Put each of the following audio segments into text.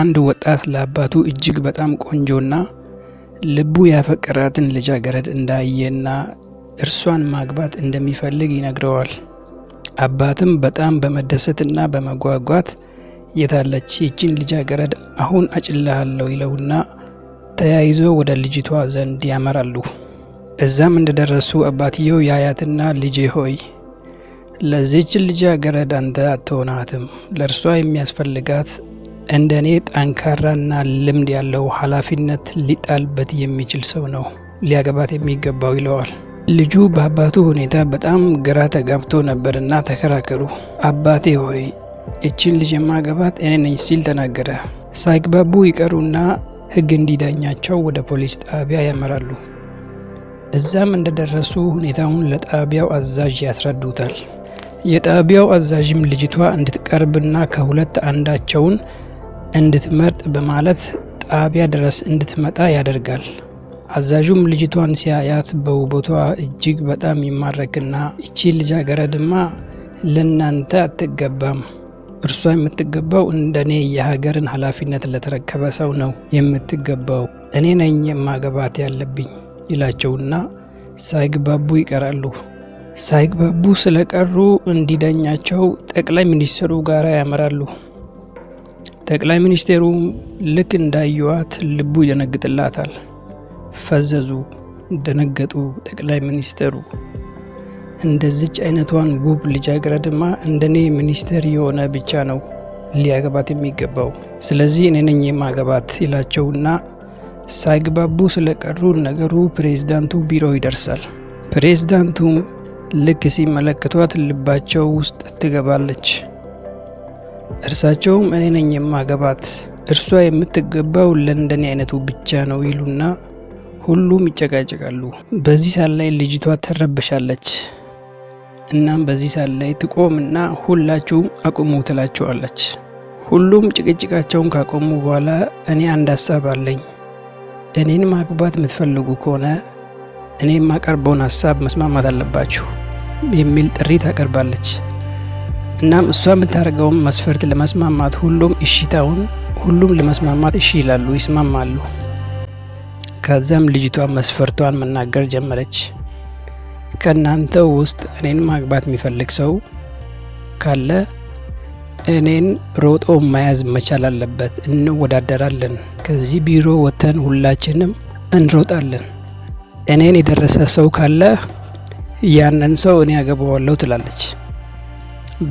አንድ ወጣት ለአባቱ እጅግ በጣም ቆንጆና ልቡ ያፈቀራትን ልጃገረድ እንዳየና እርሷን ማግባት እንደሚፈልግ ይነግረዋል። አባትም በጣም በመደሰትና በመጓጓት የታለች ይችን ልጃገረድ አሁን አጭልሃለሁ ይለውና ተያይዞ ወደ ልጅቷ ዘንድ ያመራሉ። እዛም እንደደረሱ አባትየው ያያትና ልጄ ሆይ ለዚህች ልጃገረድ አንተ አትሆናትም፣ ለእርሷ የሚያስፈልጋት እንደ እኔ ጠንካራና ልምድ ያለው ኃላፊነት ሊጣልበት የሚችል ሰው ነው ሊያገባት የሚገባው ይለዋል። ልጁ በአባቱ ሁኔታ በጣም ግራ ተጋብቶ ነበርና ተከራከሩ። አባቴ ሆይ እችን ልጅ የማገባት እኔ ነኝ ሲል ተናገረ። ሳይግባቡ ይቀሩና ሕግ እንዲዳኛቸው ወደ ፖሊስ ጣቢያ ያመራሉ። እዛም እንደደረሱ ሁኔታውን ለጣቢያው አዛዥ ያስረዱታል። የጣቢያው አዛዥም ልጅቷ እንድትቀርብና ከሁለት አንዳቸውን እንድትመርጥ በማለት ጣቢያ ድረስ እንድትመጣ ያደርጋል። አዛዡም ልጅቷን ሲያያት በውበቷ እጅግ በጣም ይማረክና እቺ ልጃገረድማ ለናንተ አትገባም፣ እርሷ የምትገባው እንደኔ የሀገርን ኃላፊነት ለተረከበ ሰው ነው የምትገባው፣ እኔ ነኝ የማገባት ያለብኝ ይላቸውና ሳይግባቡ ይቀራሉ። ሳይግባቡ ስለቀሩ እንዲዳኛቸው ጠቅላይ ሚኒስትሩ ጋር ያመራሉ። ጠቅላይ ሚኒስቴሩ ልክ እንዳየዋት ልቡ ይደነግጥላታል። ፈዘዙ፣ ደነገጡ። ጠቅላይ ሚኒስቴሩ እንደዚች አይነቷን ውብ ልጃገረድማ እንደኔ ሚኒስቴር የሆነ ብቻ ነው ሊያገባት የሚገባው ስለዚህ እኔ ነኝ የማገባት ይላቸውና ሳይግባቡ ስለቀሩ ነገሩ ፕሬዝዳንቱ ቢሮ ይደርሳል። ፕሬዝዳንቱም ልክ ሲመለክቷት ልባቸው ውስጥ ትገባለች። እርሳቸውም እኔ ነኝ የማገባት እርሷ የምትገባው ለእንደኔ አይነቱ ብቻ ነው ይሉና ሁሉም ይጨቃጨቃሉ። በዚህ ሳል ላይ ልጅቷ ትረበሻለች። እናም በዚህ ሳል ላይ ትቆምና ሁላችሁም አቁሙ ትላችኋለች። ሁሉም ጭቅጭቃቸውን ካቆሙ በኋላ እኔ አንድ ሀሳብ አለኝ። እኔን ማግባት የምትፈልጉ ከሆነ እኔ የማቀርበውን ሀሳብ መስማማት አለባችሁ የሚል ጥሪ ታቀርባለች። እናም እሷ የምታደርገውም መስፈርት ለመስማማት ሁሉም እሽታውን ሁሉም ለመስማማት እሺ ይላሉ፣ ይስማማሉ። ከዛም ልጅቷ መስፈርቷን መናገር ጀመረች። ከእናንተ ውስጥ እኔን ማግባት የሚፈልግ ሰው ካለ እኔን ሮጦ መያዝ መቻል አለበት። እንወዳደራለን። ከዚህ ቢሮ ወጥተን ሁላችንም እንሮጣለን። እኔን የደረሰ ሰው ካለ ያንን ሰው እኔ አገባዋለሁ ትላለች።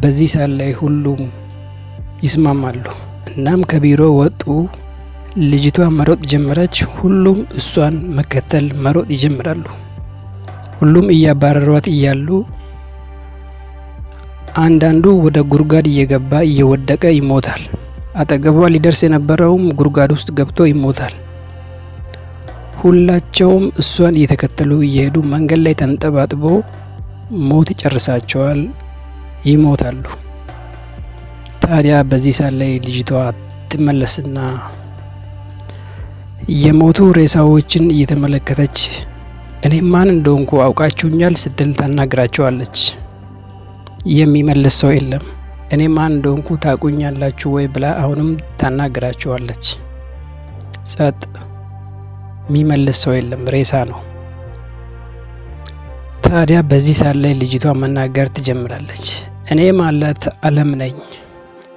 በዚህ ሰዓት ላይ ሁሉም ይስማማሉ። እናም ከቢሮ ወጡ። ልጅቷ መሮጥ ጀመረች። ሁሉም እሷን መከተል መሮጥ ይጀምራሉ። ሁሉም እያባረሯት እያሉ አንዳንዱ ወደ ጉድጓድ እየገባ እየወደቀ ይሞታል። አጠገቧ ሊደርስ የነበረውም ጉድጓድ ውስጥ ገብቶ ይሞታል። ሁላቸውም እሷን እየተከተሉ እየሄዱ መንገድ ላይ ተንጠባጥቦ ሞት ይጨርሳቸዋል። ይሞታሉ። ታዲያ በዚህ ሰዓት ላይ ልጅቷ ትመለስና የሞቱ ሬሳዎችን እየተመለከተች እኔ ማን እንደሆንኩ አውቃችሁኛል ስትል ታናግራቸዋለች። የሚመልስ ሰው የለም። እኔ ማን እንደሆንኩ ታቁኛላችሁ ወይ ብላ አሁንም ታናግራቸዋለች። ጸጥ፣ የሚመልስ ሰው የለም። ሬሳ ነው። ታዲያ በዚህ ሰዓት ላይ ልጅቷ መናገር ትጀምራለች። እኔ ማለት ዓለም ነኝ።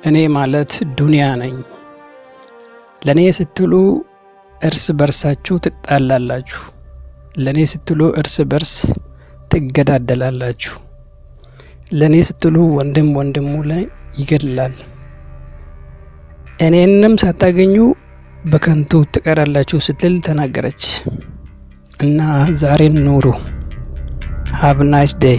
እኔ ማለት ዱንያ ነኝ። ለእኔ ስትሉ እርስ በርሳችሁ ትጣላላችሁ። ለእኔ ስትሉ እርስ በርስ ትገዳደላላችሁ። ለእኔ ስትሉ ወንድም ወንድሙ ላይ ይገድላል። እኔንም ሳታገኙ በከንቱ ትቀራላችሁ ስትል ተናገረች እና ዛሬን ኑሩ። ሀብ ናይስ ዴይ